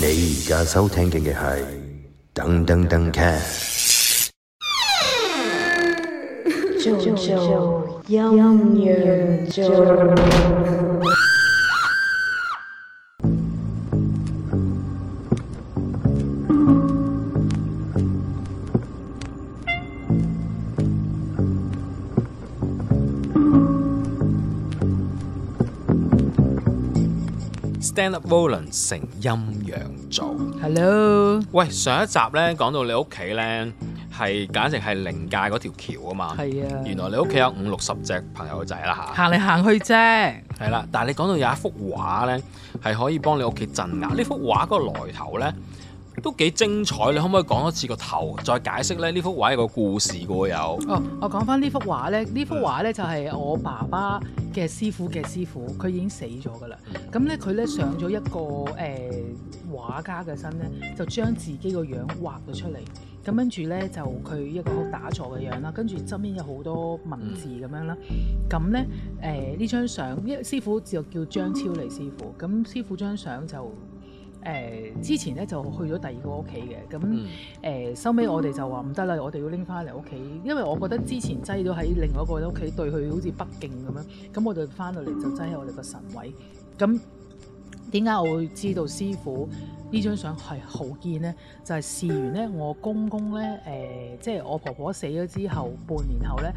你而家收聽嘅係《燈登登 Cast》。做做音樂做。Volan 成陰陽組，Hello，喂，上一集咧講到你屋企咧係簡直係靈界嗰條橋啊嘛，係啊，原來你屋企有五六十隻朋友仔啦嚇，行嚟行去啫，係啦，但係你講到有一幅畫咧係可以幫你屋企鎮壓，呢幅畫嗰個來頭咧。都幾精彩，你可唔可以講多次個頭，再解釋咧，呢幅畫有個故事㗎有哦。Oh, 我講翻呢幅畫咧，呢幅畫咧就係、是、我爸爸嘅師傅嘅師傅，佢已經死咗噶啦。咁咧佢咧上咗一個誒、呃、畫家嘅身咧，就將自己個樣畫咗出嚟。咁跟住咧就佢一個好打坐嘅樣啦。跟住側邊有好多文字咁樣啦。咁咧誒呢張相，師傅就叫張超嚟師傅。咁師傅張相就。誒、呃、之前咧就去咗第二個屋企嘅，咁誒收尾我哋就話唔得啦，我哋要拎翻嚟屋企，因為我覺得之前擠咗喺另外一個屋企對佢好似不敬咁樣，咁、嗯、我哋翻到嚟就擠喺我哋個神位。咁點解我會知道師傅？呢張相係好見呢就係、是、試完呢我公公呢，誒、呃，即係我婆婆死咗之後半年後呢，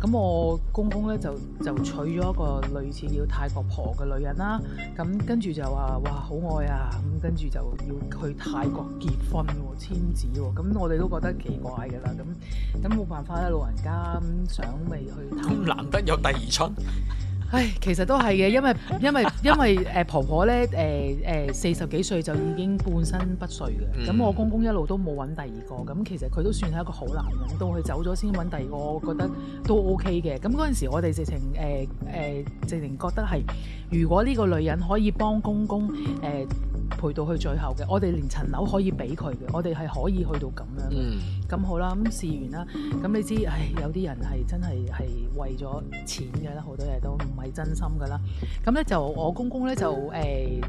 咁我公公呢，就就娶咗一個類似要泰國婆嘅女人啦，咁、嗯、跟住就話哇好愛啊，咁跟住就要去泰國結婚喎、哦，簽字喎，咁、嗯、我哋都覺得幾怪㗎啦，咁咁冇辦法咧、啊，老人家、嗯、想未去泰。咁難得有第二春。唉，其實都係嘅，因為因為因為誒、呃、婆婆咧誒誒四十幾歲就已經半身不遂嘅，咁、嗯、我公公一路都冇揾第二個，咁其實佢都算係一個好男人，到佢走咗先揾第二個，我覺得都 OK 嘅。咁嗰陣時我哋直情誒誒、呃呃、直情覺得係。如果呢個女人可以幫公公誒、呃、陪到去最後嘅，我哋連層樓可以俾佢嘅，我哋係可以去到咁樣嘅。咁、嗯、好啦，咁、嗯、試完啦，咁你知，唉，有啲人係真係係為咗錢嘅啦，好多嘢都唔係真心嘅啦。咁咧就我公公咧就誒、呃、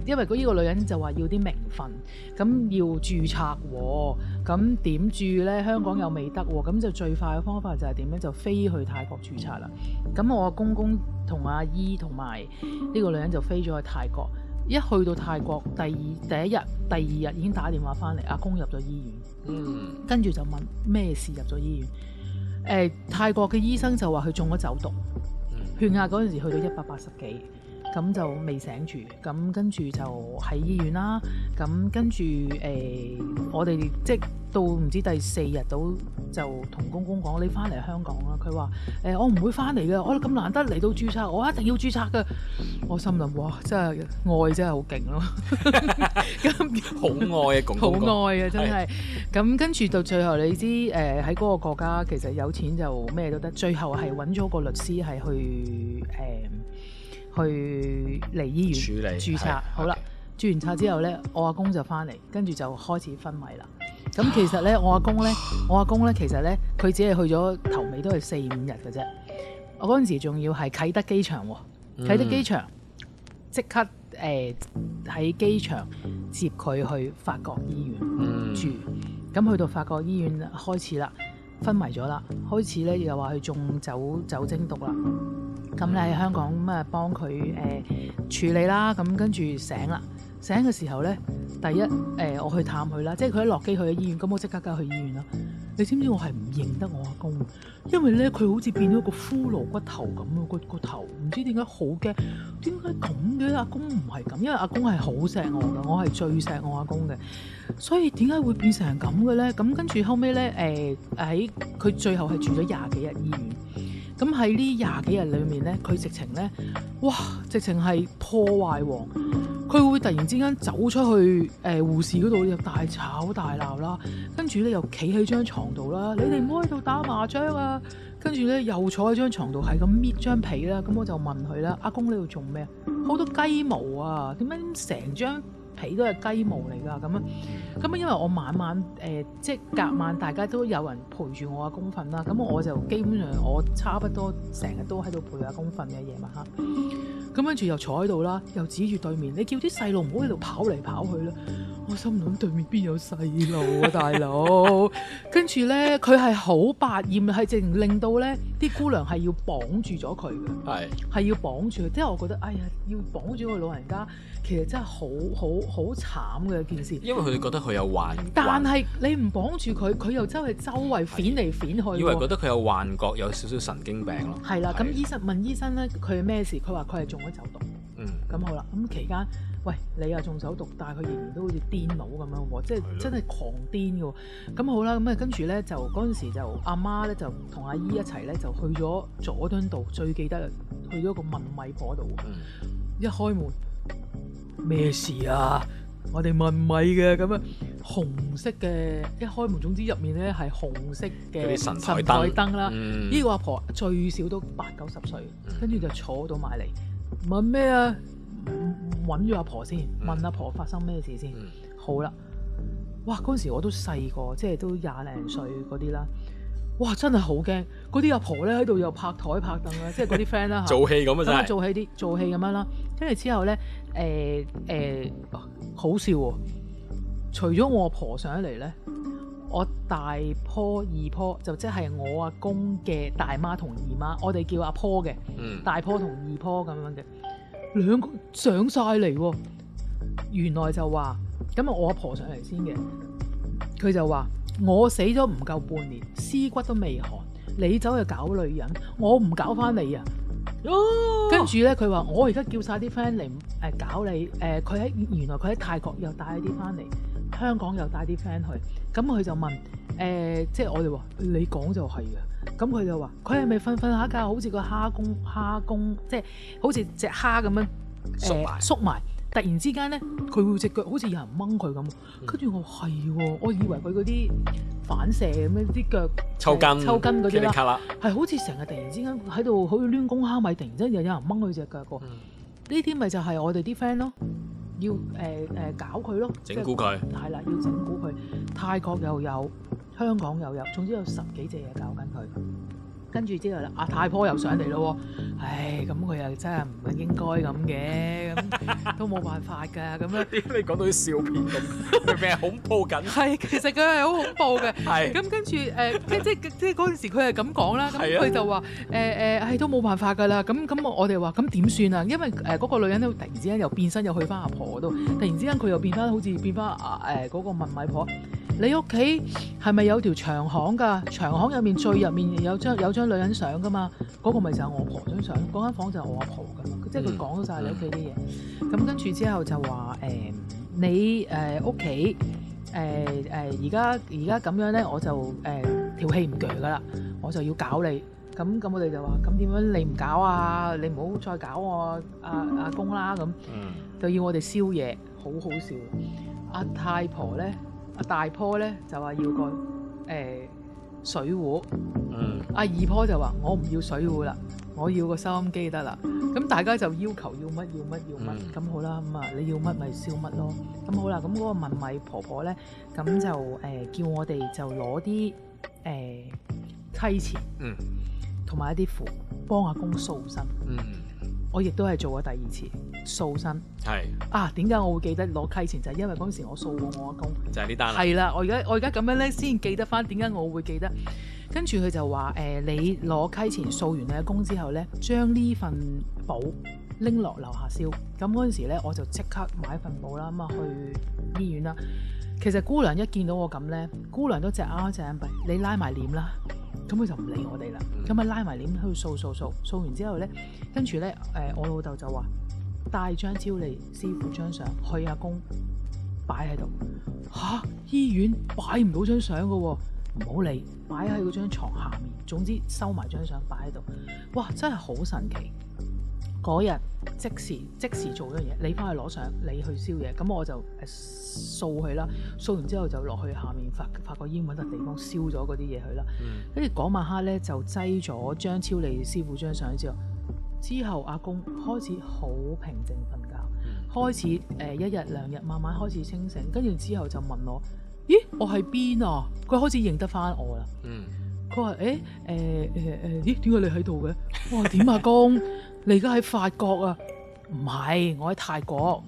因為佢呢個女人就話要啲名分咁要注冊喎，咁點注咧？香港又未得喎，咁就最快嘅方法就係點咧就飛去泰國注冊啦。咁我公公同阿姨同埋呢個。女人就飛咗去泰國，一去到泰國，第二第一日、第二日已經打電話翻嚟，阿公入咗醫院。嗯，跟住就問咩事入咗醫院？誒、呃、泰國嘅醫生就話佢中咗酒毒，血壓陣時去到一百八十幾。咁就未醒住，咁跟住就喺醫院啦。咁跟住誒、欸，我哋即到唔知第四日到，就同公公講：你翻嚟香港啦。佢話：誒、欸，我唔會翻嚟嘅。我咁難得嚟到註冊，我一定要註冊嘅。我心諗：哇，真係愛真係好勁咯！咁好愛啊，公公，公！好愛啊，真係。咁跟住到最後，你知誒喺嗰個國家，其實有錢就咩都得。最後係揾咗個律師係去誒。呃去嚟醫院處理註冊，好啦，注完冊之後呢，mm. 我阿公就翻嚟，跟住就開始昏迷啦。咁其實呢，我阿公呢，我阿公呢，其實呢，佢只係去咗頭尾都係四五日嘅啫。我嗰陣時仲要係啟德機場喎，啟德機場即、mm. 刻誒喺、呃、機場接佢去法國醫院住，咁、mm. 去到法國醫院開始啦，昏迷咗啦，開始呢又話佢中酒酒精毒啦。咁你喺香港咁啊，幫佢誒處理啦。咁跟住醒啦，醒嘅時候咧，第一誒、呃、我去探佢啦。即係佢一落機去咗醫院，咁我即刻就去醫院啦。你知唔知我係唔認得我阿公？因為咧佢好似變咗個骷髏骨頭咁啊！個、那個頭唔知點解好驚，點解咁嘅阿公唔係咁？因為阿公係好錫我㗎，我係最錫我阿公嘅。所以點解會變成咁嘅咧？咁跟住後尾咧誒喺佢最後係住咗廿幾日醫院。咁喺呢廿幾日裏面咧，佢直情咧，哇！直情係破壞王，佢會突然之間走出去誒護、呃、士嗰度又大吵大鬧啦，跟住咧又企喺張床度啦， 你哋唔好喺度打麻將啊，跟住咧又坐喺張床度係咁搣張被啦，咁、就是嗯、我就問佢啦，阿公你喺度做咩？好多雞毛啊，點解成張起都係雞毛嚟㗎，咁啊，咁啊，因為我晚晚誒、呃，即係隔晚大家都有人陪住我啊公瞓啦，咁我就基本上我差唔多成日都喺度陪啊公瞓嘅夜晚黑。咁跟住又坐喺度啦，又指住對面。你叫啲細路唔好喺度跑嚟跑去啦。我心諗對面邊有細路啊，大佬？跟住咧，佢係好百厭，係直令到咧啲姑娘係要綁住咗佢嘅。係，係要綁住佢。即係我覺得，哎呀，要綁住個老人家，其實真係好好好慘嘅一件事。因為佢覺得佢有幻，但係你唔綁住佢，佢又真係周圍搣嚟搣去。以為覺得佢有幻覺，有少少神經病咯。係啦，咁醫生問醫生咧，佢係咩事？佢話佢係仲，走毒，嗯，咁好啦。咁期間，喂，你又中手毒，但係佢仍然都好似癲佬咁樣喎，即係真係狂癲嘅。咁、嗯嗯、好啦，咁啊，跟住咧就嗰陣時就阿媽咧就同阿姨一齊咧就去咗佐敦道，最記得去咗個問米婆度。嗯、一開門，咩事啊？我哋問米嘅咁樣，紅色嘅一開門，總之入面咧係紅色嘅神台燈啦。呢、嗯、個阿婆最少都八九十歲，跟住就坐到埋嚟。問咩啊？搵咗阿婆先，問阿婆發生咩事先？嗯嗯、好啦，哇！嗰時我都細個，即係都廿零歲嗰啲啦。哇！真係好驚，嗰啲阿婆咧喺度又拍台拍凳啊！ 即係嗰啲 friend 啦，做戲咁樣啦！真係做戲啲做戲咁樣啦。跟住之後咧，誒、欸、誒、欸，好笑喎、哦！除咗我阿婆上嚟咧。我大婆、二婆就即、是、係我阿公嘅大媽同二媽，我哋叫阿婆嘅，嗯、大婆同二婆咁樣嘅，兩個上晒嚟喎。原來就話咁啊，我阿婆上嚟先嘅。佢就話我死咗唔夠半年，屍骨都未寒，你走去搞女人，我唔搞翻你啊！哦、跟住咧，佢話我而家叫晒啲 friend 嚟誒搞你，誒佢喺原來佢喺泰國又帶咗啲翻嚟。香港又帶啲 friend 去，咁佢就問，誒、呃，即係我哋話你講就係嘅，咁佢就話佢係咪瞓瞓下覺，好似個蝦公蝦公，即係好似隻蝦咁樣、呃、縮埋，縮埋，突然之間咧，佢會隻腳好似有人掹佢咁，跟住、嗯、我係喎，我以為佢嗰啲反射咁樣啲腳抽筋，抽筋嗰啲啦，係好似成日突然之間喺度好似攣公蝦米，突然之間又有人掹佢隻腳嘅，呢啲咪就係我哋啲 friend 咯。要誒誒、呃呃、搞佢咯，整蠱佢係啦，他要整蠱佢。泰國又有，香港又有，總之有十幾隻嘢搞緊佢。跟住之後啦，阿太婆又上嚟咯唉，咁佢又真係唔應該咁嘅，咁都冇辦法㗎，咁 樣。你講到啲笑片咁，咩恐怖緊？係、 嗯，其實佢係好恐怖嘅。係。咁跟住誒，即係即係嗰陣時佢係咁講啦，咁佢、嗯、 就話誒誒，係、呃哎、都冇辦法㗎啦。咁咁我哋話咁點算啊？因為誒嗰、呃嗰個女人突然之間又變身又去翻阿婆度，突然之間佢又變翻好似變翻誒嗰個問米婆。你屋企係咪有條長巷噶？長巷入面最入面有張有張女人相噶嘛？嗰個咪就係我婆張相，嗰間房就係我阿婆噶，即係佢講咗晒你屋企啲嘢。咁跟住之後就話誒你誒屋企誒誒而家而家咁樣咧，我就誒條氣唔鋸噶啦，我就要搞你。咁咁我哋就話咁點樣？你唔搞啊？你唔好再搞我阿阿公啦。咁就要我哋燒嘢，好好笑。阿太婆咧。大婆咧就話要個誒、欸、水壺，嗯，阿二婆就話我唔要水壺啦，我要個收音機得啦。咁大家就要求要乜要乜要乜，咁、嗯、好啦，咁啊你要乜咪燒乜咯。咁好啦，咁嗰個問米婆婆咧，咁就誒、呃、叫我哋就攞啲誒溪錢，嗯，同埋一啲符幫阿公掃身，嗯，我亦都係做咗第二次。掃身係是啊，點解我會記得攞契錢？就係、是、因為嗰陣時我掃過我阿公，就係呢單啦。係啦，我而家我而家咁樣咧，先記得返點解我會記得。跟住佢就話誒、呃，你攞契錢掃完你阿公之後咧，將呢份簿拎落樓下燒。咁嗰陣時咧，我就即刻買一份簿啦。咁啊，去醫院啦。其實姑娘一見到我咁咧，姑娘都隻眼開隻眼閉，你拉埋簾啦。咁佢就唔理我哋啦。咁啊，拉埋簾喺度掃掃掃掃，掃完之後咧，跟住咧誒，我老豆就話，帶張超利師傅張相去阿公擺喺度，吓、啊、醫院擺唔到張相噶，唔好理，擺喺嗰張床下面，總之收埋張相擺喺度，哇真係好神奇！嗰日即時即時做咗嘢，你翻去攞相，你去燒嘢，咁我就掃佢啦，掃完之後就落去下面發發個煙，搵笪地方燒咗嗰啲嘢去啦，跟住嗰晚黑咧就擠咗張超利師傅張相之後。之後阿公開始好平靜瞓覺，開始誒、 呃、一日兩日慢慢開始清醒，跟住之後就問我：咦，我喺邊啊？佢開始認得翻我啦。佢話：誒誒誒誒，咦，點、欸、解、欸欸欸、你喺度嘅？我話：點啊，阿公， 你而家喺法國啊？唔係，我喺泰國。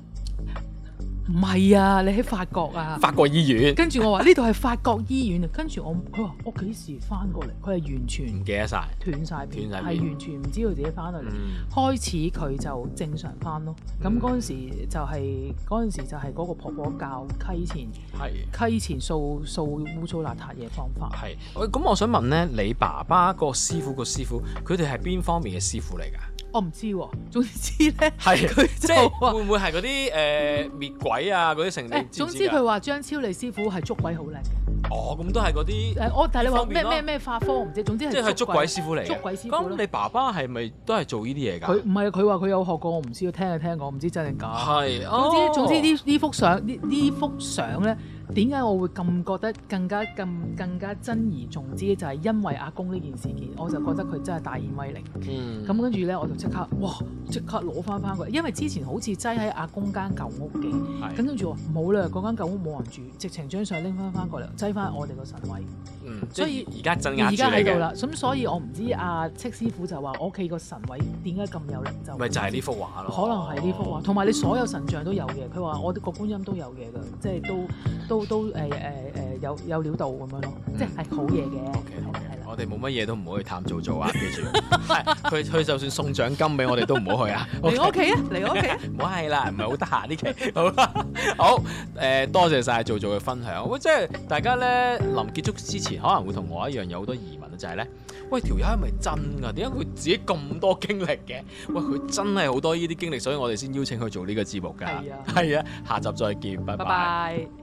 唔係啊，你喺法國啊，法國醫院。跟住我話呢度係法國醫院啊，跟住我佢話我幾時翻過嚟？佢係完全唔記得晒，斷晒片，係完全唔知道自己翻到嚟。嗯、開始佢就正常翻咯。咁嗰陣時就係嗰陣時就係嗰個婆婆教溪錢，嗯、溪錢掃掃污糟邋遢嘢方法。係。喂，咁我想問咧，你爸爸個師傅個師傅，佢哋係邊方面嘅師傅嚟㗎？我唔知喎，總之咧係佢即係會唔會係嗰啲誒滅鬼啊嗰啲成？嗯、等等總之佢話張超利師傅係捉鬼好叻嘅。哦，咁都係嗰啲誒，我但係你話咩咩咩法科我唔知，總之係捉，捉鬼師傅嚟。捉鬼師傅。咁你爸爸係咪都係做呢啲嘢㗎？佢唔係，佢話佢有學過，我唔知，要聽就聽講，唔知真定假的。係的、哦。總之總之呢呢幅相呢呢幅相咧。點解我會咁覺得更加、更加更加珍而重之？就係、是、因為阿公呢件事件，我就覺得佢真係大顯威靈。咁、嗯、跟住咧，我就即刻，哇！即刻攞翻翻過嚟，因為之前好似擠喺阿公舊是間舊屋嘅。咁跟住喎，冇啦，嗰間舊屋冇人住，直情將相拎翻翻過嚟，擠翻我哋個神位。所以而家正眼而家喺度啦。咁所以，在在所以我唔知阿戚、啊嗯啊、師傅就話我屋企個神位點解咁有靈？就咪就係呢幅畫咯。可能係呢幅畫，同埋、哦、你所有神像都有嘅。佢話我啲個觀音都有嘢噶，即係都。都都都都誒誒誒有有料到咁樣咯，即係好嘢嘅。OK 係啦，我哋冇乜嘢都唔好去探做做啊！記住，佢佢 就算送獎金俾我哋都唔好去啊！嚟我屋企啊！嚟我屋企啊！唔好係啦，唔係好得閒呢期。好啦，好誒、呃，多謝晒做做嘅分享。即係大家咧臨結束之前，可能會同我一樣有好多疑問啊！就係、是、咧，喂，條友係咪真噶？點解佢自己咁多經歷嘅？喂，佢真係好多呢啲經歷，所以我哋先邀請佢做呢個節目㗎。係啊，係啊，下集再見，拜拜 Bye bye。